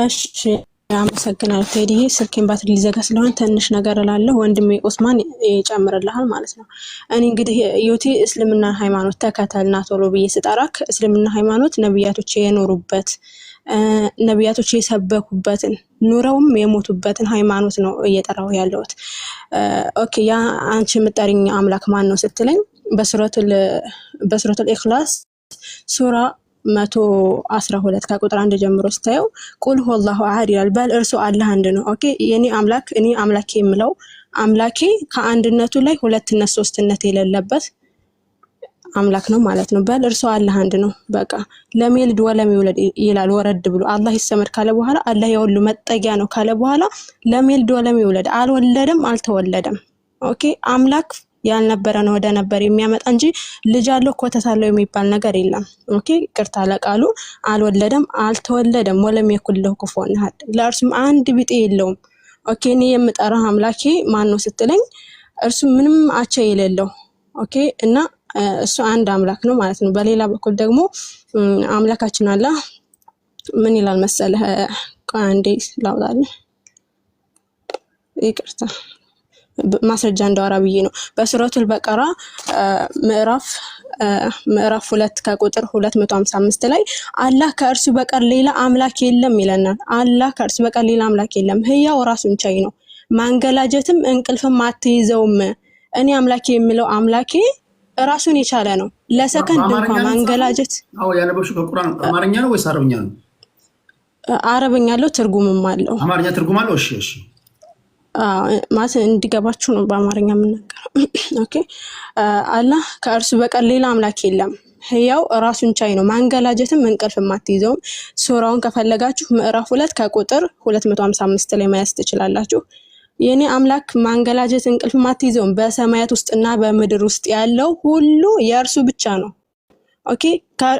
እሺ አመሰግናለሁ ቴዲ። ስልኬን ባትሪ ሊዘጋ ስለሆነ ትንሽ ነገር እላለሁ። ወንድሜ ኦስማን ይጨምርልሃል ማለት ነው። እኔ እንግዲህ ዮቲ እስልምና ሃይማኖት ተከተልና ቶሎ ብዬ ስጠራክ እስልምና ሃይማኖት ነቢያቶች የኖሩበት ነቢያቶች የሰበኩበትን ኑረውም የሞቱበትን ሃይማኖት ነው እየጠራው ያለሁት። ኦኬ ያ አንቺ የምጠሪኝ አምላክ ማን ነው ስትለኝ በሱረቱል ኢክላስ ሱራ መቶ አስራ ሁለት ከቁጥር አንድ ጀምሮ ስታየው ቁል ሆላሁ አሀድ ይላል። በል እርሱ አላህ አንድ ነው። ኦኬ የኔ አምላክ እኔ አምላኬ የምለው አምላኬ ከአንድነቱ ላይ ሁለትነት ሶስትነት የሌለበት አምላክ ነው ማለት ነው። በል እርሱ አላህ አንድ ነው። በቃ ለሚወልድ ወለሚወለድ ይላል። ወረድ ብሎ አላህ ይሰመድ ካለ በኋላ አላህ የሁሉ መጠጊያ ነው ካለ በኋላ ለሚወልድ ወለሚወለድ አልወለደም፣ አልተወለደም። ኦኬ አምላክ ያልነበረ ነው ወደ ነበር የሚያመጣ እንጂ ልጅ አለው ኮተት አለው የሚባል ነገር የለም። ኦኬ ቅርታ ለቃሉ አልወለደም አልተወለደም ወለም የኩን ለሁ ክፉወን ለእርሱም አንድ ቢጤ የለውም። ኦኬ እኔ የምጠራህ አምላኬ ማን ነው ስትለኝ እርሱ ምንም አቻ የሌለው ኦኬ እና እሱ አንድ አምላክ ነው ማለት ነው። በሌላ በኩል ደግሞ አምላካችን አላህ ምን ይላል መሰለህ? አንዴ ላውጣልህ፣ ይቅርታ ማስረጃ እንዳወራ ብዬ ነው። በሱረቱል በቀራ ምዕራፍ ምዕራፍ ሁለት ከቁጥር 255 ላይ አላህ ከእርሱ በቀር ሌላ አምላክ የለም ይለናል። አላህ ከእርሱ በቀር ሌላ አምላክ የለም። ህያው ራሱን ቻይ ነው። ማንገላጀትም እንቅልፍም አትይዘውም። እኔ አምላኬ የምለው አምላኬ ራሱን የቻለ ነው። ለሰከንድ እንኳን ማንገላጀት ከቁርአን አማርኛ ነው ወይስ አረብኛ ነው? አረብኛ አለው፣ ትርጉምም አለው። አማርኛ ትርጉም አለው። እሺ እሺ ማለት እንዲገባችሁ ነው በአማርኛ የምናገረው። ኦኬ አላህ ከእርሱ በቀር ሌላ አምላክ የለም። ህያው ራሱን ቻይ ነው። ማንገላጀትም እንቅልፍ የማትይዘውም። ሱራውን ከፈለጋችሁ ምዕራፍ ሁለት ከቁጥር 255 ላይ ማየት ትችላላችሁ። የእኔ አምላክ ማንገላጀት እንቅልፍ ማትይዘውም፣ በሰማያት ውስጥና በምድር ውስጥ ያለው ሁሉ የእርሱ ብቻ ነው። ኦኬ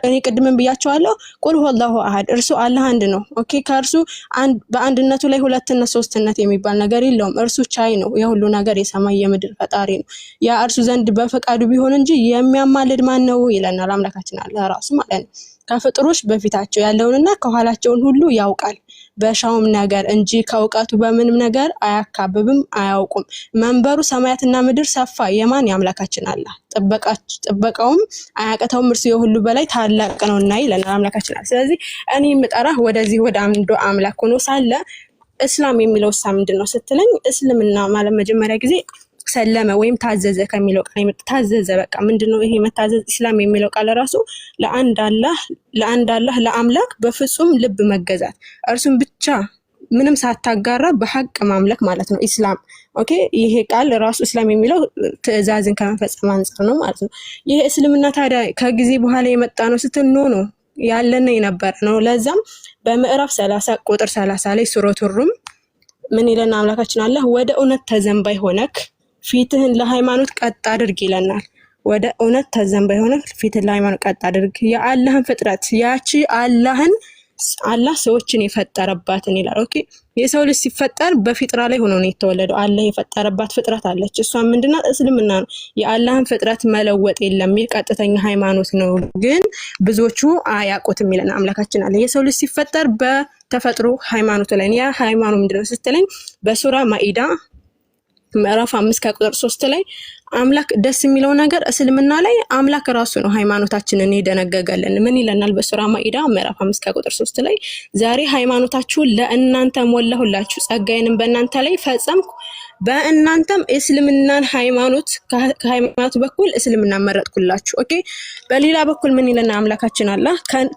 እኔ ቅድምን ብያቸዋለሁ። ቁል ሁወላሁ አሀድ እርሱ አላህ አንድ ነው። ኦኬ ከእርሱ በአንድነቱ ላይ ሁለትነት ሶስትነት የሚባል ነገር የለውም። እርሱ ቻይ ነው፣ የሁሉ ነገር የሰማይ የምድር ፈጣሪ ነው። ያ እርሱ ዘንድ በፈቃዱ ቢሆን እንጂ የሚያማልድ ማን ነው ይለናል አምላካችን አለ ራሱ ማለት ነው። ከፍጥሮች በፊታቸው ያለውንና ከኋላቸውን ሁሉ ያውቃል። በሻውም ነገር እንጂ ከእውቀቱ በምንም ነገር አያካብብም፣ አያውቁም። መንበሩ ሰማያትና ምድር ሰፋ። የማን ያምላካችን አለ። ጥበቃውም አያቀተውም፣ እርሱ የሁሉ በላይ ታላቅ ነውና ይለናል አምላካችን አለ። ስለዚህ እኔ የምጠራ ወደዚህ ወደ አንዱ አምላክ ሆኖ ሳለ እስላም የሚለው ሳ ምንድን ነው ስትለኝ፣ እስልምና ማለት መጀመሪያ ጊዜ ሰለመ ወይም ታዘዘ ከሚለው ቃል የመጣ ታዘዘ። በቃ ምንድነው ይሄ መታዘዝ? ኢስላም የሚለው ቃል ራሱ ለአንድ አላህ ለአንድ አላህ ለአምላክ በፍጹም ልብ መገዛት፣ እርሱም ብቻ ምንም ሳታጋራ በሀቅ ማምለክ ማለት ነው ኢስላም። ኦኬ ይሄ ቃል ራሱ እስላም የሚለው ትዕዛዝን ከመፈጸም አንጻር ነው ማለት ነው። ይሄ እስልምና ታዲያ ከጊዜ በኋላ የመጣ ነው ስትኖ ነው ያለና የነበረ ነው። ለዛም በምዕራፍ ሰላሳ ቁጥር ሰላሳ ላይ ሱረቱ ሩም ምን ይለን አምላካችን አለ ወደ እውነት ተዘንባይ ሆነክ ፊትህን ለሃይማኖት ቀጥ አድርግ ይለናል። ወደ እውነት ተዘን ባይሆነ ፊትህን ለሃይማኖት ቀጥ አድርግ፣ የአላህን ፍጥረት ያቺ አላህን አላህ ሰዎችን የፈጠረባትን ይላል። ኦኬ የሰው ልጅ ሲፈጠር በፊጥራ ላይ ሆኖ ነው የተወለደው። አላህ የፈጠረባት ፍጥረት አለች። እሷ ምንድናት? እስልምና ነው። የአላህን ፍጥረት መለወጥ የለም ይህ ቀጥተኛ ሃይማኖት ነው፣ ግን ብዙዎቹ አያውቁትም ይለን አምላካችን አለ። የሰው ልጅ ሲፈጠር በተፈጥሮ ሃይማኖት ላይ ያ ሃይማኖት ምንድነው ስትለኝ በሱራ ማኢዳ ምዕራፍ አምስት ከቁጥር ሶስት ላይ አምላክ ደስ የሚለው ነገር እስልምና ላይ አምላክ ራሱ ነው ሃይማኖታችንን የደነገገልን። ምን ይለናል? በሱራ ማኢዳ ምዕራፍ አምስት ከቁጥር ሶስት ላይ ዛሬ ሃይማኖታችሁን ለእናንተ ሞላሁላችሁ፣ ጸጋዬንም በእናንተ ላይ ፈጸምኩ በእናንተም እስልምናን ሃይማኖት ከሃይማኖት በኩል እስልምና መረጥኩላችሁ። ኦኬ። በሌላ በኩል ምን ይለና አምላካችን አላ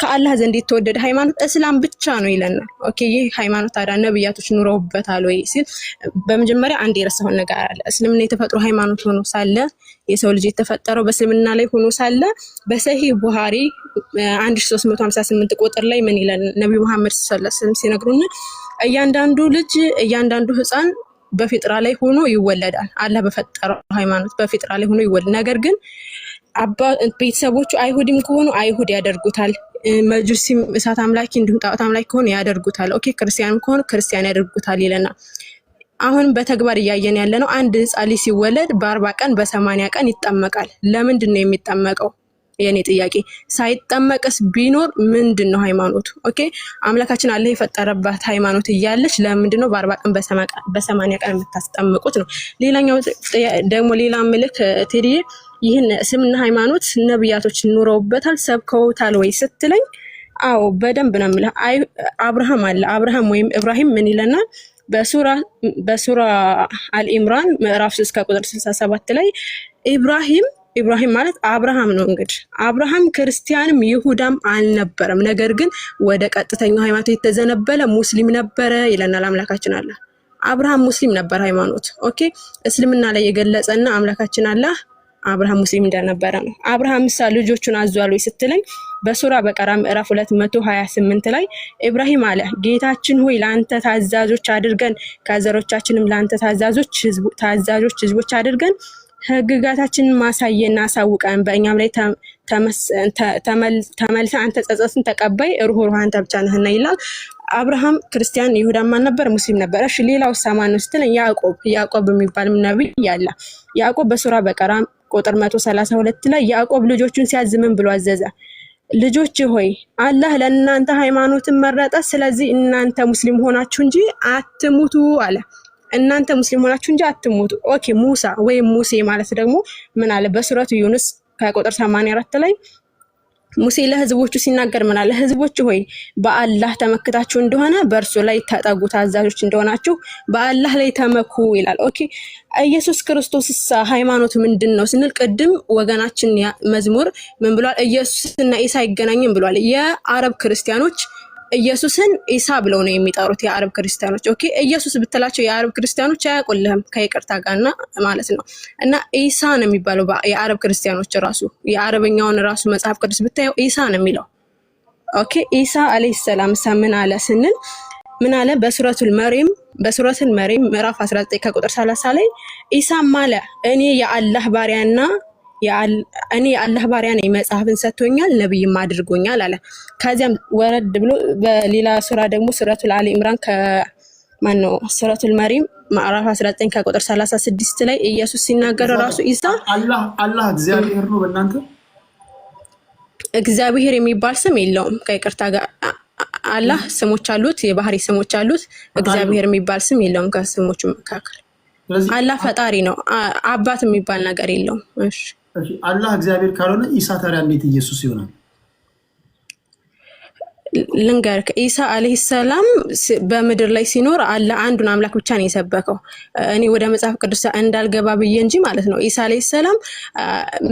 ከአላህ ዘንድ የተወደደ ሃይማኖት እስላም ብቻ ነው ይለና። ኦኬ። ይህ ሃይማኖት አዳ ነብያቶች ኑረውበታል ወይ ሲል በመጀመሪያ አንድ የረሳሁን ነገር አለ። እስልምና የተፈጥሮ ሃይማኖት ሆኖ ሳለ የሰው ልጅ የተፈጠረው በእስልምና ላይ ሆኖ ሳለ በሰሂ ቡሃሪ 1358 ቁጥር ላይ ምን ይላል ነብዩ መሐመድ ሰለላሁ ሲነግሩን እያንዳንዱ ልጅ እያንዳንዱ ህፃን በፊጥራ ላይ ሆኖ ይወለዳል። አላህ በፈጠረው ሃይማኖት በፊጥራ ላይ ሆኖ ይወለድ። ነገር ግን አባ ቤተሰቦቹ አይሁድም ከሆኑ አይሁድ ያደርጉታል። መጁሲም እሳት አምላኪ እንዲሁም ጣዖት አምላኪ ከሆኑ ያደርጉታል። ኦኬ ክርስቲያን ከሆኑ ክርስቲያን ያደርጉታል ይለናል። አሁን በተግባር እያየን ያለ ነው። አንድ ህጻን ልጅ ሲወለድ በአርባ ቀን በሰማንያ ቀን ይጠመቃል። ለምንድን ነው የሚጠመቀው? የኔ ጥያቄ ሳይጠመቅስ ቢኖር ምንድን ነው ሃይማኖቱ? ኦኬ አምላካችን አለ የፈጠረባት ሃይማኖት እያለች ለምንድን ነው በአርባ ቀን በሰማንያ ቀን የምታስጠምቁት ነው? ሌላኛው ደግሞ ሌላ ምልክ ቴዲዬ ይህን ስምና ሃይማኖት ነብያቶች ኑረውበታል ሰብከውታል ወይ ስትለኝ፣ አዎ በደንብ ነው የምልህ። አብርሃም አለ አብርሃም ወይም እብራሂም ምን ይለናል? በሱራ አልኢምራን ምዕራፍ 6 ከቁጥር 67 ላይ ኢብራሂም ኢብራሂም ማለት አብርሃም ነው። እንግዲህ አብርሃም ክርስቲያንም ይሁዳም አልነበረም፣ ነገር ግን ወደ ቀጥተኛው ሃይማኖት የተዘነበለ ሙስሊም ነበረ ይለናል አምላካችን አላ አብርሃም ሙስሊም ነበር ሃይማኖት። ኦኬ እስልምና ላይ የገለጸና አምላካችን አላ አብርሃም ሙስሊም እንደነበረ ነው። አብርሃም ሳ ልጆቹን አዟል ስትለኝ በሱራ በቀራ ምዕራፍ 228 ላይ ኢብራሂም አለ ጌታችን ሆይ ለአንተ ታዛዦች አድርገን ከዘሮቻችንም ለአንተ ታዛዦች ህዝቦች አድርገን ህግጋታችንን ማሳየና አሳውቀን በእኛም ላይ ተመልሰ አንተ ጸጸትን ተቀባይ ሩህሩህ አንተ ብቻ ነህና ይላል። አብርሃም ክርስቲያን ይሁዳ ማን ነበር? ሙስሊም ነበር። እሺ ሌላው ሰማን ውስጥን ያዕቆብ ያዕቆብ የሚባል ነቢይ ያለ ያዕቆብ በሱራ በቀራ ቁጥር 132 ላይ ያዕቆብ ልጆቹን ሲያዝምን ብሎ አዘዘ። ልጆች ሆይ አላህ ለእናንተ ሃይማኖትን መረጠ፣ ስለዚህ እናንተ ሙስሊም ሆናችሁ እንጂ አትሙቱ አለ። እናንተ ሙስሊም ሆናችሁ እንጂ አትሞቱ። ኦኬ ሙሳ ወይም ሙሴ ማለት ደግሞ ምን አለ በሱረቱ ዩንስ ከቁጥር 84 ላይ ሙሴ ለህዝቦቹ ሲናገር ምን አለ? ህዝቦች ሆይ በአላህ ተመክታችሁ እንደሆነ በእርሱ ላይ ተጠጉ፣ ታዛዦች እንደሆናችሁ በአላህ ላይ ተመኩ ይላል። ኦኬ ኢየሱስ ክርስቶስ ሳ ሃይማኖት ምንድን ነው ስንል ቅድም ወገናችን መዝሙር ምን ብሏል? ኢየሱስና ኢሳ አይገናኝም ብሏል። የአረብ ክርስቲያኖች ኢየሱስን ኢሳ ብለው ነው የሚጠሩት የአረብ ክርስቲያኖች። ኦኬ ኢየሱስ ብትላቸው የአረብ ክርስቲያኖች አያቆልህም ከይቅርታ ጋርና ማለት ነው። እና ኢሳ ነው የሚባለው የአረብ ክርስቲያኖች ራሱ የአረበኛውን ራሱ መጽሐፍ ቅዱስ ብታየው ኢሳ ነው የሚለው። ኦኬ ኢሳ አለይሂ ሰላም ሳ ምን አለ ስንል ምን አለ በሱረቱል መሪም በሱረቱል መሪም ምዕራፍ 19 ከቁጥር 30 ላይ ኢሳም አለ እኔ የአላህ ባሪያና እኔ አላህ ባሪያ ነኝ፣ መጽሐፍን ሰጥቶኛል፣ ነብይም አድርጎኛል አለ። ከዚያም ወረድ ብሎ በሌላ ሱራ ደግሞ ሱረቱል አሊ ኢምራን ከማን ሱረቱል መሪም ማዕራፍ 19 ከቁጥር 36 ላይ ኢየሱስ ሲናገር ራሱ ኢሳ አላህ አላህ እግዚአብሔር ነው። በእናንተ እግዚአብሔር የሚባል ስም የለውም። ከይቅርታ ጋር አላህ ስሞች አሉት፣ የባህሪ ስሞች አሉት። እግዚአብሔር የሚባል ስም የለውም ከስሞቹ መካከል። አላህ ፈጣሪ ነው። አባት የሚባል ነገር የለውም። እሺ አላህ እግዚአብሔር ካልሆነ ኢሳ ታዲያ እንዴት ኢየሱስ ይሆናል? ልንገርክ ኢሳ አለህ ሰላም በምድር ላይ ሲኖር አለ አንዱን አምላክ ብቻ ነው የሰበከው። እኔ ወደ መጽሐፍ ቅዱስ እንዳልገባ ብዬ እንጂ ማለት ነው። ኢሳ አለህ ሰላም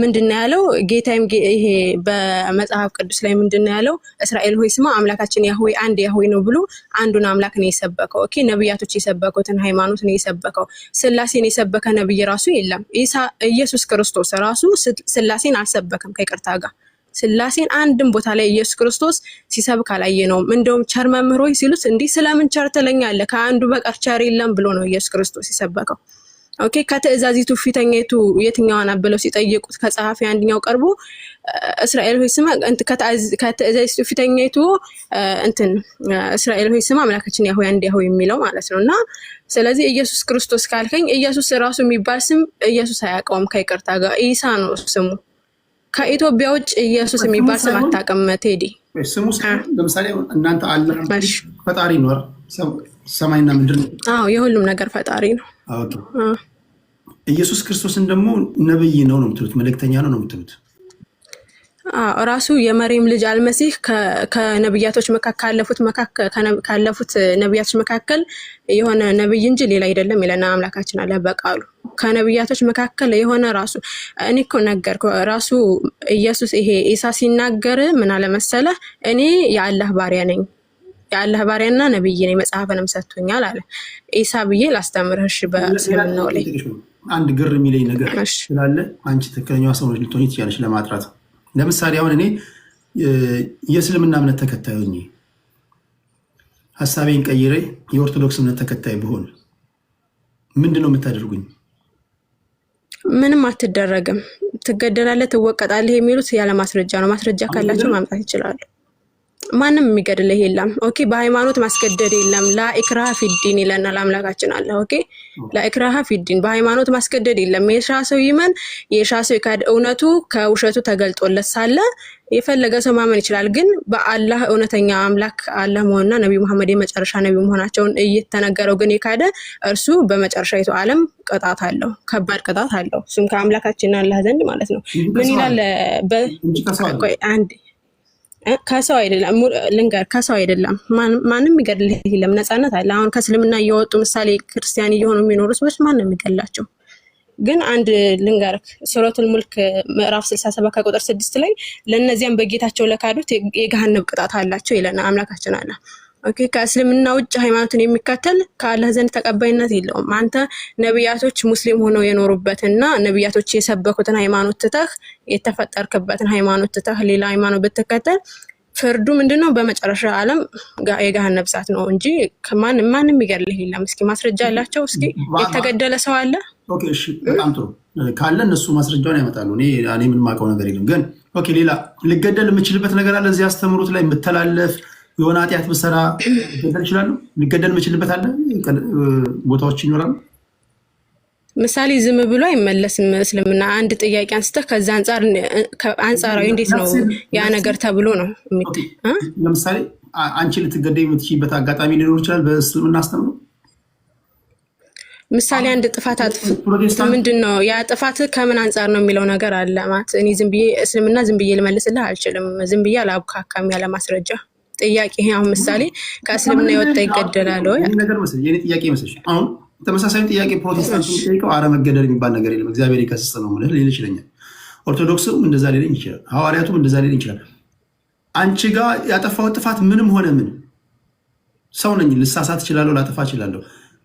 ምንድን ነው ያለው? ጌታይም ይሄ በመጽሐፍ ቅዱስ ላይ ምንድን ነው ያለው? እስራኤል ሆይ ስማ አምላካችን ያህዌ አንድ ያህዌ ነው ብሎ አንዱን አምላክ ነው የሰበከው። ኦኬ ነብያቶች የሰበኩትን ሃይማኖት ነው የሰበከው። ስላሴን የሰበከ ነብይ ራሱ የለም። ኢሳ ኢየሱስ ክርስቶስ ራሱ ስላሴን አልሰበከም ከይቅርታ ጋር ስላሴን አንድም ቦታ ላይ ኢየሱስ ክርስቶስ ሲሰብክ አላየነውም። እንደውም ቸር መምህሮ ሆይ ሲሉት እንዲህ ስለምን ቸር ትለኛለህ? ከአንዱ በቀር ቸር የለም ብሎ ነው ኢየሱስ ክርስቶስ የሰበከው። ኦኬ ከትእዛዚቱ ፊተኛይቱ የትኛዋ ናት ብለው ሲጠይቁት ከጸሐፊ አንድኛው ቀርቦ እስራኤል ሆይ ስማ፣ ከትእዛዚቱ ፊተኛይቱ እንትን እስራኤል ሆይ ስማ አምላካችን ያሆ አንድ ያሆ የሚለው ማለት ነው። እና ስለዚህ ኢየሱስ ክርስቶስ ካልከኝ ኢየሱስ ራሱ የሚባል ስም ኢየሱስ አያውቀውም ከይቅርታ ጋር ኢሳ ነው ስሙ። ከኢትዮጵያ ውጭ ኢየሱስ የሚባል ስም አታውቅም ቴዲ። ስሙ ለምሳሌ እናንተ አለ ፈጣሪ ኖር ሰማይና ምድር ነው፣ የሁሉም ነገር ፈጣሪ ነው። ኢየሱስ ክርስቶስን ደግሞ ነብይ ነው ነው የምትሉት፣ መልእክተኛ ነው ነው የምትሉት ራሱ የመሬም ልጅ አልመሲህ ከነብያቶች ካለፉት ካለፉት ነብያቶች መካከል የሆነ ነብይ እንጂ ሌላ አይደለም ይለና አምላካችን አለ በቃሉ። ከነብያቶች መካከል የሆነ ራሱ እኔ እኮ ነገር ራሱ ኢየሱስ ይሄ ኢሳ ሲናገር ምን አለመሰለ፣ እኔ የአላህ ባሪያ ነኝ የአላህ ባሪያና ነብይ ነኝ፣ መጽሐፍንም ሰጥቶኛል አለ ኢሳ ብዬ ላስተምርሽ በእስልምናው ላይ አንድ ግር የሚለኝ ነገር ስላለ አንቺ ትክክለኛዋ ሰዎች ልትሆኝ ትችያለሽ ለማጥራት ለምሳሌ አሁን እኔ የእስልምና እምነት ተከታይ ሆኜ ሀሳቤን ቀይሬ የኦርቶዶክስ እምነት ተከታይ ብሆን ምንድን ነው የምታደርጉኝ? ምንም አትደረግም። ትገደላለህ፣ ትወቀጣለህ የሚሉት ያለ ማስረጃ ነው። ማስረጃ ካላቸው ማምጣት ይችላሉ። ማንም የሚገድልህ የለም። ኦኬ በሃይማኖት ማስገደድ የለም። ላኢክራሃ ፊዲን ይለናል አምላካችን አለ። ኦኬ ላኢክራሃ ፊዲን በሃይማኖት ማስገደድ የለም። የሻ ሰው ይመን የሻ ሰው ይካድ። እውነቱ ከውሸቱ ተገልጦለት ሳለ የፈለገ ሰው ማመን ይችላል። ግን በአላህ እውነተኛ አምላክ አላህ መሆንና ነቢ መሐመድ የመጨረሻ ነቢ መሆናቸውን እየተነገረው ግን የካደ እርሱ በመጨረሻ የቱ ዓለም ቅጣት አለው፣ ከባድ ቅጣት አለው። እሱም ከአምላካችን አላህ ዘንድ ማለት ነው። ምን ይላል አንድ ከሰው አይደለም ልንገር፣ ከሰው አይደለም። ማንም ይገድልህ የለም፣ ነፃነት አለ። አሁን ከእስልምና እየወጡ ምሳሌ ክርስቲያን እየሆኑ የሚኖሩ ሰዎች ማንም ይገድላቸው። ግን አንድ ልንገር፣ ሱረቱል ሙልክ ምዕራፍ ስልሳ ሰባት ከቁጥር ስድስት ላይ ለእነዚያም በጌታቸው ለካዱት የገሃነብ ቅጣት አላቸው ይለና አምላካችን አለ። ኦኬ ከእስልምና ውጭ ሃይማኖትን የሚከተል ከአላህ ዘንድ ተቀባይነት የለውም። አንተ ነቢያቶች ሙስሊም ሆነው የኖሩበትና ነቢያቶች የሰበኩትን ሃይማኖት ትተህ የተፈጠርክበትን ሃይማኖት ትተህ ሌላ ሃይማኖት ብትከተል ፍርዱ ምንድን ነው? በመጨረሻ ዓለም የገሃነም እሳት ነው እንጂ ማንም ማንም ይገድልህ የለም። እስኪ ማስረጃ ያላቸው እስኪ የተገደለ ሰው አለ? በጣም ጥሩ ካለ እነሱ ማስረጃውን ያመጣሉ። እኔ ምን ነገር የለም። ግን ሌላ ልገደል የምችልበት ነገር አለ እዚህ አስተምሮት ላይ የምተላለፍ የሆነ ኃጢአት ብሰራ ገደል ይችላሉ። ሊገደል የምችልበት አለ ቦታዎች ይኖራሉ። ምሳሌ ዝም ብሎ አይመለስም እስልምና። አንድ ጥያቄ አንስተህ ከዛ አንጻራዊ እንዴት ነው ያ ነገር ተብሎ ነው። ለምሳሌ አንቺ ልትገደይ የምትችልበት አጋጣሚ ሊኖር ይችላል በእስልምና አስተምሮ። ምሳሌ አንድ ጥፋት አጥፍ ምንድን ነው ያ ጥፋት ከምን አንጻር ነው የሚለው ነገር አለ ማለት። እኔ ዝም ብዬ እስልምና ዝም ብዬ ልመልስልህ አልችልም። ዝም ብዬ አላብካካም ያለ ማስረጃ ጥያቄ አሁን ምሳሌ ከእስልምና የወጣ ይገደላል ወይ? የእኔ ጥያቄ ይመስልሽ? አሁን ተመሳሳዩ ጥያቄ ፕሮቴስታንት የሚጠይቀው አረ መገደል የሚባል ነገር የለም እግዚአብሔር ይከስስ ነው ምልህ ሌል ይችለኛል። ኦርቶዶክስም እንደዛ ሌለኝ ይችላል። ሐዋርያቱም እንደዛ ሌለኝ ይችላል። አንቺ ጋር ያጠፋው ጥፋት ምንም ሆነ ምን ሰው ነኝ፣ ልሳሳት እችላለሁ፣ ላጠፋ እችላለሁ።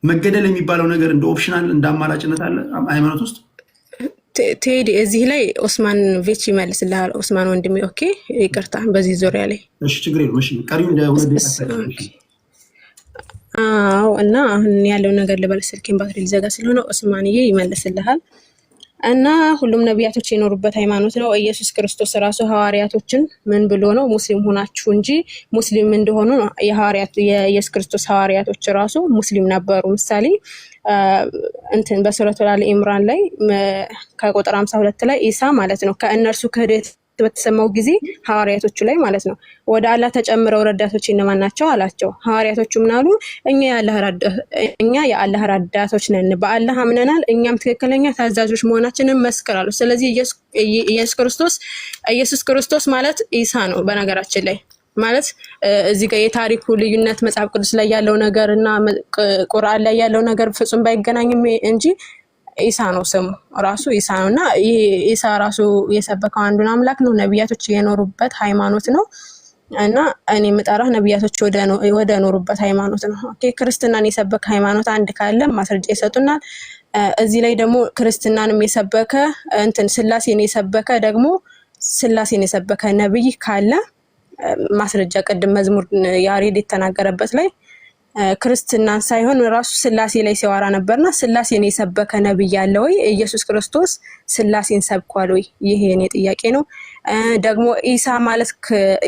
መገደል የሚባለው ነገር እንደ ኦፕሽናል እንደ አማራጭነት አለ ሃይማኖት ውስጥ ቴዲ እዚህ ላይ ኦስማን ቬች ይመልስልሃል። ኦስማን ወንድሜ፣ ኦኬ ይቅርታ፣ በዚህ ዙሪያ ላይ አዎ። እና አሁን ያለው ነገር ልበል፣ ስልኬን ባትሪ ሊዘጋ ስለሆነ ኦስማንዬ ይመልስልሃል። እና ሁሉም ነቢያቶች የኖሩበት ሃይማኖት ነው። ኢየሱስ ክርስቶስ ራሱ ሐዋርያቶችን ምን ብሎ ነው? ሙስሊም ሆናችሁ እንጂ ሙስሊም እንደሆኑ የኢየሱስ ክርስቶስ ሐዋርያቶች ራሱ ሙስሊም ነበሩ። ምሳሌ እንትን በሱረቱ አሊ ኢምራን ላይ ከቁጥር 52 ላይ ኢሳ ማለት ነው ከእነርሱ ክህደት በተሰማው ጊዜ ሐዋርያቶቹ ላይ ማለት ነው ወደ አላህ ተጨምረው ረዳቶች እነማን ናቸው አላቸው። ሐዋርያቶቹ ምን አሉ? እኛ የአላህ ረዳቶች ነን፣ በአላህ አምነናል፣ እኛም ትክክለኛ ታዛዦች መሆናችንን መስክራሉ። ስለዚህ ኢየሱስ ክርስቶስ ኢየሱስ ክርስቶስ ማለት ኢሳ ነው። በነገራችን ላይ ማለት እዚህ ጋር የታሪኩ ልዩነት መጽሐፍ ቅዱስ ላይ ያለው ነገር እና ቁርአን ላይ ያለው ነገር ፍጹም ባይገናኝም እንጂ ኢሳ ነው ስሙ ራሱ ኢሳ ነው እና ኢሳ ራሱ የሰበከው አንዱን አምላክ ነው። ነቢያቶች የኖሩበት ሃይማኖት ነው እና እኔ የምጠራህ ነቢያቶች ወደ ኖሩበት ሃይማኖት ነው። ክርስትናን የሰበከ ሃይማኖት አንድ ካለ ማስረጃ ይሰጡናል። እዚህ ላይ ደግሞ ክርስትናንም የሰበከ እንትን ስላሴን የሰበከ ደግሞ ስላሴን የሰበከ ነብይ ካለ ማስረጃ ቅድም መዝሙር ያሬድ የተናገረበት ላይ ክርስትናን ሳይሆን ራሱ ስላሴ ላይ ሲያወራ ነበርና ስላሴን የሰበከ ነብይ አለ ወይ? ኢየሱስ ክርስቶስ ስላሴን ሰብኳል ወይ? ይሄ የኔ ጥያቄ ነው። ደግሞ ኢሳ ማለት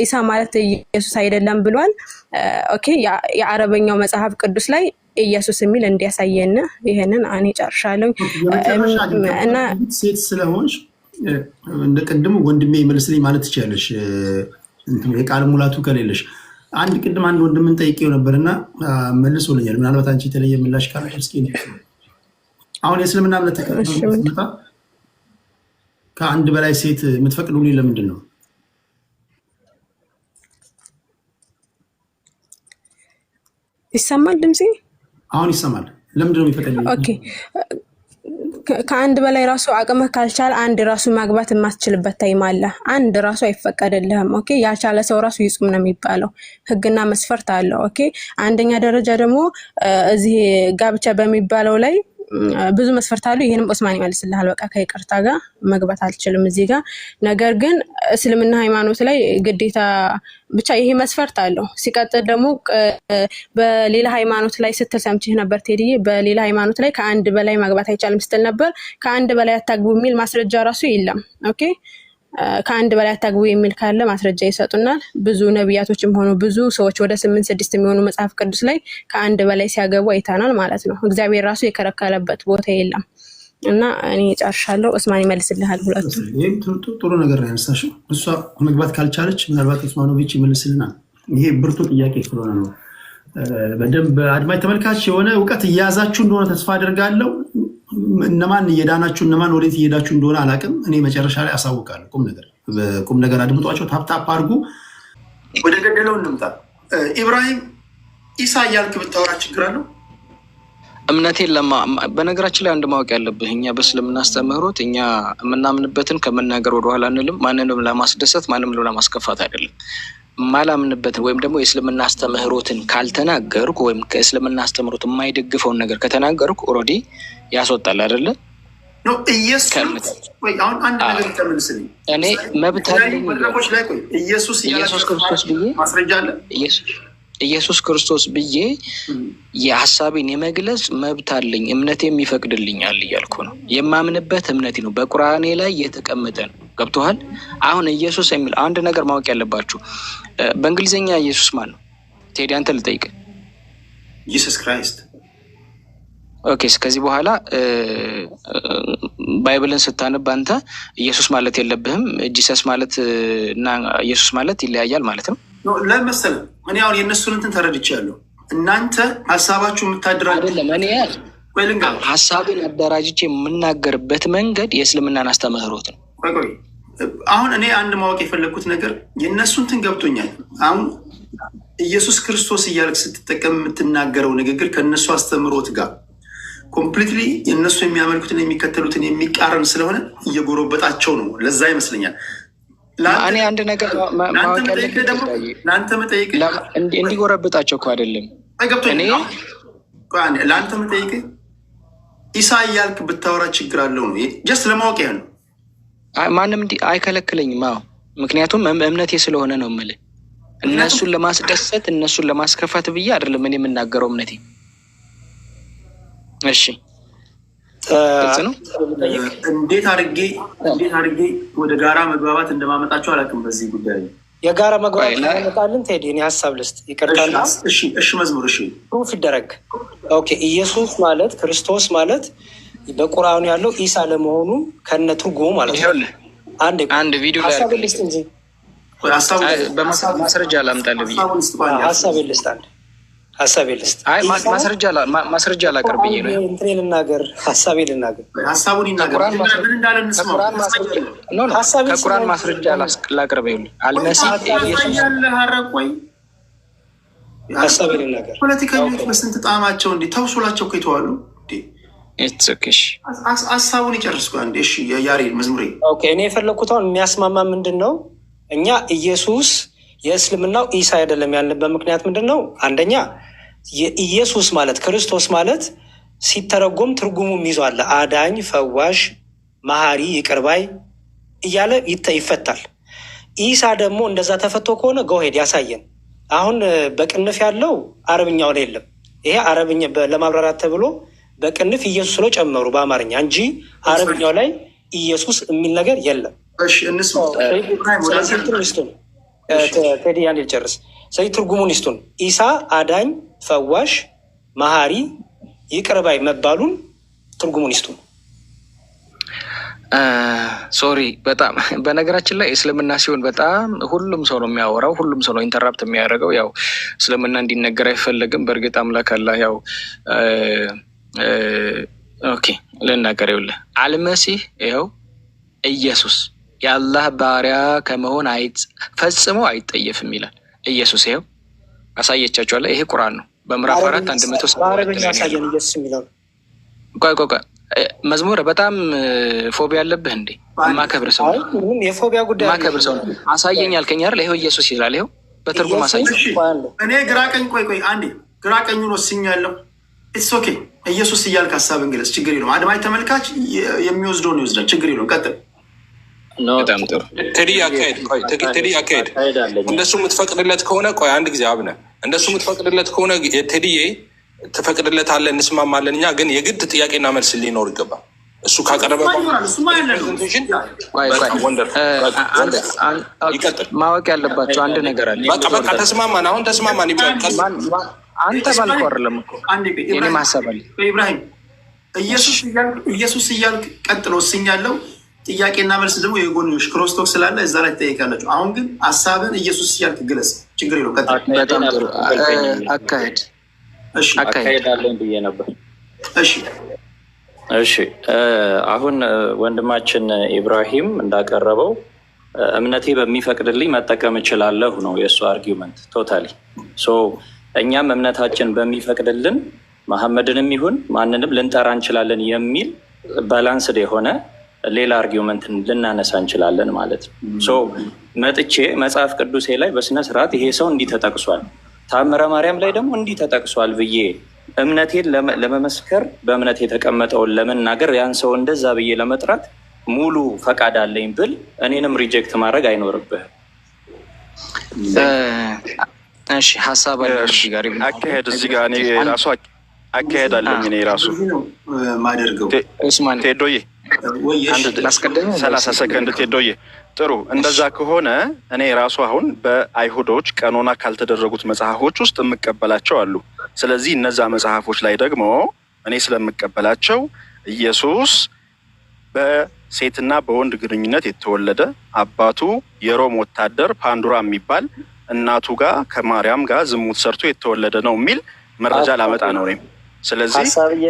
ኢሳ ማለት ኢየሱስ አይደለም ብሏል። ኦኬ፣ የአረበኛው መጽሐፍ ቅዱስ ላይ ኢየሱስ የሚል እንዲያሳየን ይሄንን እኔ ጨርሻለሁ። እና ሴት ስለሆንሽ እንደ ቅድም ወንድሜ መልስልኝ ማለት ትችላለሽ፣ የቃል ሙላቱ ከሌለሽ አንድ ቅድም አንድ ወንድምን ጠይቄው ነበር እና መልሶልኛል። ምናልባት አንቺ የተለየ ምላሽ ካለሽ እስኪ አሁን የእስልምና እምነት ተቀጣ ከአንድ በላይ ሴት የምትፈቅዱ ለምንድን ነው? ይሰማል? ድምፅ? አሁን ይሰማል። ለምንድን ነው የሚፈቅድ? ከአንድ በላይ ራሱ አቅምህ ካልቻለ አንድ ራሱ ማግባት የማትችልበት ታይም አለ። አንድ ራሱ አይፈቀደልህም። ኦኬ ያልቻለ ሰው ራሱ ይጹም ነው የሚባለው። ህግና መስፈርት አለው። ኦኬ አንደኛ ደረጃ ደግሞ እዚህ ጋብቻ በሚባለው ላይ ብዙ መስፈርት አሉ። ይህንም ኦስማን ይመልስልሃል። በቃ ከይቅርታ ጋር መግባት አልችልም እዚህ ጋር። ነገር ግን እስልምና ሃይማኖት ላይ ግዴታ ብቻ ይሄ መስፈርት አለው። ሲቀጥል ደግሞ በሌላ ሃይማኖት ላይ ስትል ሰምችህ ነበር ቴዲዬ። በሌላ ሃይማኖት ላይ ከአንድ በላይ መግባት አይቻልም ስትል ነበር። ከአንድ በላይ አታግቡ የሚል ማስረጃ ራሱ የለም። ኦኬ ከአንድ በላይ አታግቡ የሚል ካለ ማስረጃ ይሰጡናል። ብዙ ነቢያቶችም ሆኑ ብዙ ሰዎች ወደ ስምንት ስድስት የሚሆኑ መጽሐፍ ቅዱስ ላይ ከአንድ በላይ ሲያገቡ አይታናል ማለት ነው። እግዚአብሔር ራሱ የከለከለበት ቦታ የለም። እና እኔ ጨርሻለሁ። እስማን ይመልስልሃል። ሁለቱም ጥሩ ነገር ያነሳሽው። እሷ መግባት ካልቻለች ምናልባት ስማኖቪች ይመልስልናል። ይሄ ብርቱ ጥያቄ ስለሆነ ነው። በደንብ አድማጭ ተመልካች የሆነ እውቀት እያያዛችሁ እንደሆነ ተስፋ አደርጋለሁ። እነማን እየዳናችሁ እነማን ወዴት እየሄዳችሁ እንደሆነ አላውቅም። እኔ መጨረሻ ላይ አሳውቃለሁ። ቁም ነገር ቁም ነገር አድምጧቸው፣ ታፕታፕ አድርጉ። ወደ ገደለው እንምጣ። ኢብራሂም ኢሳ እያልክ ብታወራ ችግር አለው? እምነቴን ለማ በነገራችን ላይ አንድ ማወቅ ያለብህ እኛ በእስልምና አስተምህሮት እኛ የምናምንበትን ከመናገር ወደኋላ አንልም። ማንንም ለማስደሰት ማንንም ለማስከፋት አይደለም። የማላምንበትን ወይም ደግሞ የእስልምና አስተምህሮትን ካልተናገርኩ ወይም ከእስልምና አስተምህሮት የማይደግፈውን ነገር ከተናገርኩ ኦልሬዲ ያስወጣል አይደለ? እኔ መብት አለኝ ኢየሱስ ክርስቶስ ብዬ የሀሳቤን የመግለጽ መብት አለኝ፣ እምነቴም ይፈቅድልኛል እያልኩ ነው። የማምንበት እምነቴ ነው፣ በቁርአኔ ላይ የተቀመጠ ነው። ገብቶሃል? አሁን ኢየሱስ የሚል አንድ ነገር ማወቅ ያለባችሁ በእንግሊዝኛ ኢየሱስ ማን ነው? ቴዲ አንተ ልጠይቅ። ኢየሱስ ክራይስት ኦኬ ከዚህ በኋላ ባይብልን ስታነብ አንተ ኢየሱስ ማለት የለብህም። ጂሰስ ማለት እና ኢየሱስ ማለት ይለያያል ማለት ነው። ለመሰለ እኔ አሁን የእነሱን እንትን ተረድቻለሁ። እናንተ ሀሳባችሁ የምታደራጅ ሀሳብን አደራጅቼ የምናገርበት መንገድ የእስልምናን አስተምህሮት ነው። አሁን እኔ አንድ ማወቅ የፈለግኩት ነገር የእነሱን እንትን ገብቶኛል አሁን ኢየሱስ ክርስቶስ እያልክ ስትጠቀም የምትናገረው ንግግር ከእነሱ አስተምህሮት ጋር ኮምፕሊትሊ እነሱ የሚያመልኩትን የሚከተሉትን የሚቃረን ስለሆነ እየጎረበጣቸው ነው። ለዛ ይመስለኛል እኔ አንድ ነገር ለአንተ መጠየቅ እንዲጎረብጣቸው እኮ አይደለም ለአንተ መጠየቅ ኢሳ እያልክ ብታወራ ችግር አለው ነው ጀስት ለማወቅ ያህል ነው። ማንም አይከለክለኝም። አዎ ምክንያቱም እምነቴ ስለሆነ ነው የምልህ። እነሱን ለማስደሰት እነሱን ለማስከፋት ብዬ አይደለም እኔ የምናገረው እምነቴ እሺ እንዴት አድርጌ እንዴት አድርጌ ወደ ጋራ መግባባት እንደማመጣቸው አላውቅም። በዚህ ጉዳይ የጋራ መግባባት እንደማመጣልን ቴዲ እኔ ሀሳብ ልስጥ ይቅርታል። እሺ መዝሙር እሺ ፕሩፍ ይደረግ። ኦኬ ኢየሱስ ማለት ክርስቶስ ማለት በቁርአኑ ያለው ኢሳ ለመሆኑ ከነ ትርጉሙ ማለት ነው። አንድ ቪዲዮ ላይ ሀሳብ ልስጥ እንጂ በማስረጃ ላምጣልህ ብዬ ሀሳብ ልስጥ አንድ ሀሳቤ ልስጥ። አይ ማስረጃ ላቀርብ ብዬ ነው። እንትን ልናገር፣ ሀሳቤ ልናገር፣ ሀሳቡን ማስረጃ ላቅርብ። አልመሲህ ሀሳቤ ልናገር። ፖለቲከኞች በስንት ጣማቸው እንዲ ተውሶላቸው እኮ የተዋሉ ሀሳቡን ይጨርስ አንዴ። እሺ፣ ያሬ መዝሙሬ እኔ የፈለግኩት አሁን የሚያስማማ ምንድን ነው እኛ ኢየሱስ የእስልምናው ኢሳ አይደለም ያልንበት ምክንያት ምንድን ነው? አንደኛ የኢየሱስ ማለት ክርስቶስ ማለት ሲተረጎም ትርጉሙም ይዟል። አዳኝ፣ ፈዋሽ፣ መሐሪ፣ ይቅርባይ እያለ ይፈታል። ኢሳ ደግሞ እንደዛ ተፈቶ ከሆነ ጎሄድ ያሳየን። አሁን በቅንፍ ያለው አረብኛው ላይ የለም። ይሄ አረብኛ ለማብራራት ተብሎ በቅንፍ ኢየሱስ ብሎ ጨመሩ በአማርኛ እንጂ አረብኛው ላይ ኢየሱስ የሚል ነገር የለም። ቴዲ አንድ ልጨርስ። ስለዚህ ትርጉሙን ይስጡን። ኢሳ አዳኝ፣ ፈዋሽ፣ መሀሪ፣ ይቅርባይ መባሉን ትርጉሙን ይስጡን። ሶሪ በጣም በነገራችን ላይ እስልምና ሲሆን በጣም ሁሉም ሰው ነው የሚያወራው፣ ሁሉም ሰው ነው ኢንተራፕት የሚያደርገው። ያው እስልምና እንዲነገር አይፈለግም። በእርግጥ አምላክ አላ ያው ኦኬ ልናገር ይኸውልህ፣ አልመሲህ ይኸው ኢየሱስ የአላህ ባሪያ ከመሆን ፈጽሞ አይጠየፍም ይላል ኢየሱስ። ይኸው አሳየቻችኋለሁ። ይሄ ቁርአን ነው በምዕራፍ አራት አንድ መቶ ቆይ ቆይ ቆይ መዝሙር በጣም ፎቢያ አለብህ እንዴ? የማከብር ሰው የማከብር ሰው አሳየኝ ያልከኝ አይደል? ይኸው ኢየሱስ ይላል። ይኸው በትርጉም አሳየኝ። እኔ ግራቀኝ ቆይ ቆይ አንዴ ግራቀኙን ወስኛለሁ። ኢትስ ኦኬ ኢየሱስ እያልክ ሀሳብ ግለጽ፣ ችግር የለውም። አድማጭ ተመልካች የሚወስደውን ይወስዳል፣ ችግር የለውም። ቀጥል በጣም ጥሩ ቴዲ አካሄድ ቴዲ አካሄድ እንደሱ የምትፈቅድለት ከሆነ ቆይ አንድ ጊዜ አብነ እንደሱ የምትፈቅድለት ከሆነ ቴዲዬ ትፈቅድለታለህ፣ እንስማማለን። እኛ ግን የግድ ጥያቄና መልስ ሊኖር ይገባል። እሱ ካቀረበ ማወቅ ያለባቸው አንድ ነገር አለ። በቃ ተስማማን፣ አሁን ተስማማን። አንተ አይደለም እኮ አለ ኢብራሂም ኢየሱስ እያልክ ቀጥሎ እስኛለው ጥያቄና መልስ ደግሞ የጎንዮሽ ክሮስቶክ ስላለ እዛ ላይ ትጠይቃላችሁ። አሁን ግን ሀሳብን ኢየሱስ እያልክ ግለጽ። ችግር የለውም። በጣም ጥሩ አካሄድ አካሄዳለን ብዬ ነበር። እሺ እሺ። አሁን ወንድማችን ኢብራሂም እንዳቀረበው እምነቴ በሚፈቅድልኝ መጠቀም እችላለሁ ነው የእሱ አርጊመንት። ቶታሊ እኛም እምነታችን በሚፈቅድልን መሐመድንም ይሁን ማንንም ልንጠራ እንችላለን የሚል ባላንስድ የሆነ ሌላ አርጊመንትን ልናነሳ እንችላለን ማለት ነው። መጥቼ መጽሐፍ ቅዱሴ ላይ በስነ ስርዓት ይሄ ሰው እንዲህ ተጠቅሷል፣ ታምረ ማርያም ላይ ደግሞ እንዲህ ተጠቅሷል ብዬ እምነቴን ለመመስከር በእምነት የተቀመጠውን ለመናገር ያን ሰው እንደዛ ብዬ ለመጥራት ሙሉ ፈቃድ አለኝ ብል እኔንም ሪጀክት ማድረግ አይኖርብህም። እሺ ሀሳብ አካሄድ እዚህ ጋር እኔ ራሱ አካሄድ አለኝ እኔ ራሱ ማደርገው ቴዶዬ ሰላሳ ሰከንድ ቴዶዬ፣ ጥሩ እንደዛ ከሆነ እኔ ራሱ አሁን በአይሁዶች ቀኖና ካልተደረጉት መጽሐፎች ውስጥ የምቀበላቸው አሉ። ስለዚህ እነዛ መጽሐፎች ላይ ደግሞ እኔ ስለምቀበላቸው ኢየሱስ በሴትና በወንድ ግንኙነት የተወለደ አባቱ የሮም ወታደር ፓንዱራ የሚባል እናቱ ጋር ከማርያም ጋር ዝሙት ሰርቶ የተወለደ ነው የሚል መረጃ ላመጣ ነው እኔም ስለዚህ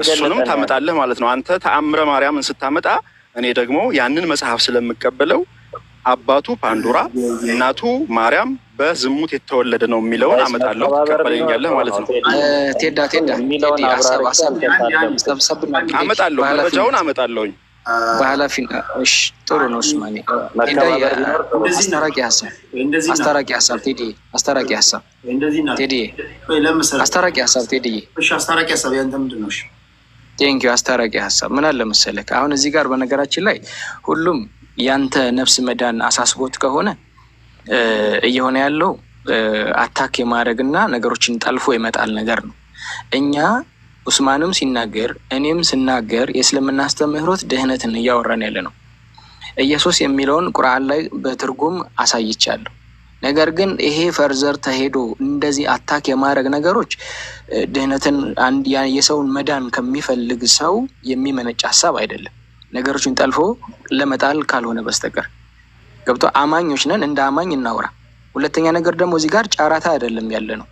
እሱንም ታመጣለህ ማለት ነው። አንተ ተአምረ ማርያምን ስታመጣ እኔ ደግሞ ያንን መጽሐፍ ስለምቀበለው አባቱ ፓንዶራ እናቱ ማርያም በዝሙት የተወለደ ነው የሚለውን አመጣለሁ። ትቀበለኛለህ ማለት ነው። ቴዳ ቴዳ አመጣለሁ፣ መረጃውን አመጣለሁኝ በኃላፊና ጥሩ ነው። አስታራቂ ሀሳብ ቴዲ አስታራቂ ሀሳብ ቴዲ አስታራቂ ሀሳብ ቴዲ አስታራቂ ሀሳብ ያንተ ምንድን ነው? ቴንኪ አስታራቂ ሀሳብ ምን አለ መሰለህ፣ አሁን እዚህ ጋር በነገራችን ላይ ሁሉም ያንተ ነፍስ መዳን አሳስቦት ከሆነ እየሆነ ያለው አታክ የማድረግና ነገሮችን ጠልፎ ይመጣል ነገር ነው እኛ ኡስማንም ሲናገር እኔም ስናገር የእስልምና አስተምህሮት ድህነትን እያወራን ያለ ነው። ኢየሱስ የሚለውን ቁርአን ላይ በትርጉም አሳይቻለሁ። ነገር ግን ይሄ ፈርዘር ተሄዶ እንደዚህ አታክ የማድረግ ነገሮች ድህነትን የሰውን መዳን ከሚፈልግ ሰው የሚመነጭ ሀሳብ አይደለም። ነገሮችን ጠልፎ ለመጣል ካልሆነ በስተቀር ገብቶ አማኞች ነን፣ እንደ አማኝ እናውራ። ሁለተኛ ነገር ደግሞ እዚህ ጋር ጫራታ አይደለም ያለ ነው።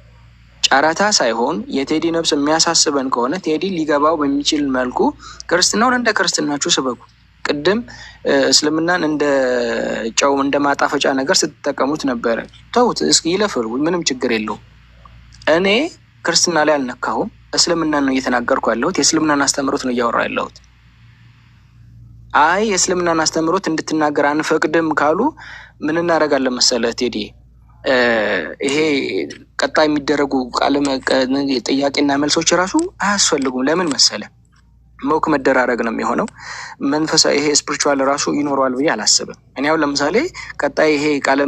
ጨረታ ሳይሆን የቴዲ ነፍስ የሚያሳስበን ከሆነ ቴዲ ሊገባው በሚችል መልኩ ክርስትናውን እንደ ክርስትናችሁ ስበኩ። ቅድም እስልምናን እንደ ጨው እንደ ማጣፈጫ ነገር ስትጠቀሙት ነበረ። ተውት እስኪ ይለፍሩ፣ ምንም ችግር የለው እኔ ክርስትና ላይ አልነካሁም። እስልምናን ነው እየተናገርኩ ያለሁት። የእስልምናን አስተምሮት ነው እያወራ ያለሁት። አይ የእስልምናን አስተምሮት እንድትናገር አንፈቅድም ካሉ ምን እናደርጋለን መሰለህ ቴዲ ይሄ ቀጣይ የሚደረጉ ቃለ ጥያቄና መልሶች ራሱ አያስፈልጉም። ለምን መሰለ መውክ መደራረግ ነው የሚሆነው። መንፈሳዊ ይሄ ስፕሪቹዋል ራሱ ይኖረዋል ብዬ አላስብም። እኔ አሁን ለምሳሌ ቀጣይ ይሄ ቃለ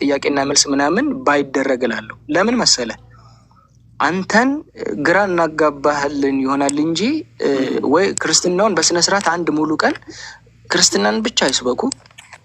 ጥያቄና መልስ ምናምን ባይደረግ እላለሁ። ለምን መሰለ አንተን ግራ እናጋባህልን ይሆናል እንጂ ወይ ክርስትናውን በስነስርዓት አንድ ሙሉ ቀን ክርስትናን ብቻ አይስበኩ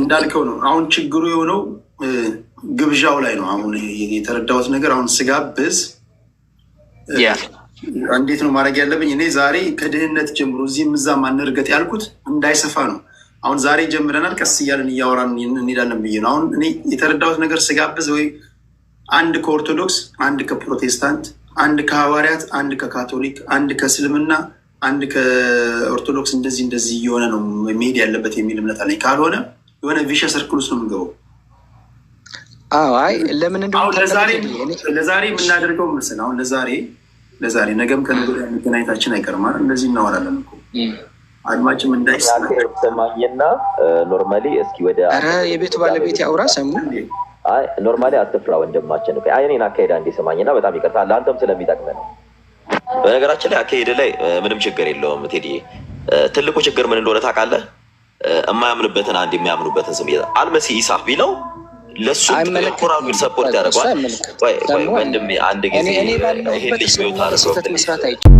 እንዳልከው ነው። አሁን ችግሩ የሆነው ግብዣው ላይ ነው። አሁን የተረዳሁት ነገር አሁን ስጋብዝ እንዴት ነው ማድረግ ያለብኝ? እኔ ዛሬ ከድህነት ጀምሮ እዚህም እዛም አንርገጥ ያልኩት እንዳይሰፋ ነው። አሁን ዛሬ ጀምረናል፣ ቀስ እያለን እያወራን እንሄዳለን ብዬ ነው። አሁን እኔ የተረዳሁት ነገር ስጋብዝ ወይ አንድ ከኦርቶዶክስ፣ አንድ ከፕሮቴስታንት፣ አንድ ከሐዋርያት፣ አንድ ከካቶሊክ፣ አንድ ከእስልምና አንድ ከኦርቶዶክስ እንደዚህ እንደዚህ እየሆነ ነው መሄድ ያለበት የሚል እምነት አለኝ። ካልሆነ የሆነ ቪሸ ሰርክል ውስጥ ነው የምንገባው። አይ ለምን ለዛሬ የምናደርገው ምስል አሁን ለዛሬ ለዛሬ ነገም ከነገ መገናኘታችን አይቀርም እንደዚህ እናወራለን እኮ አድማጭም እንዳይሰማኝና ኖርማሊ እስኪ ወደ የቤቱ ባለቤት ያውራ ሰሙ ኖርማሊ አትፍራ ወንድማችን እኔን አካሄዳ እንዲሰማኝና በጣም ይቅርታ ለአንተም ስለሚጠቅመ ነው በነገራችን ላይ አካሄድ ላይ ምንም ችግር የለውም ቴዲ። ትልቁ ችግር ምን እንደሆነ ታውቃለህ? የማያምንበትን አንድ የሚያምኑበትን ስም አልመሲ ኢሳ ቢለው ለሱ ቁራኑን ሰፖርት ያደርገዋል። ወንድሜ አንድ ጊዜ ይሄ ልጅ ሚወታ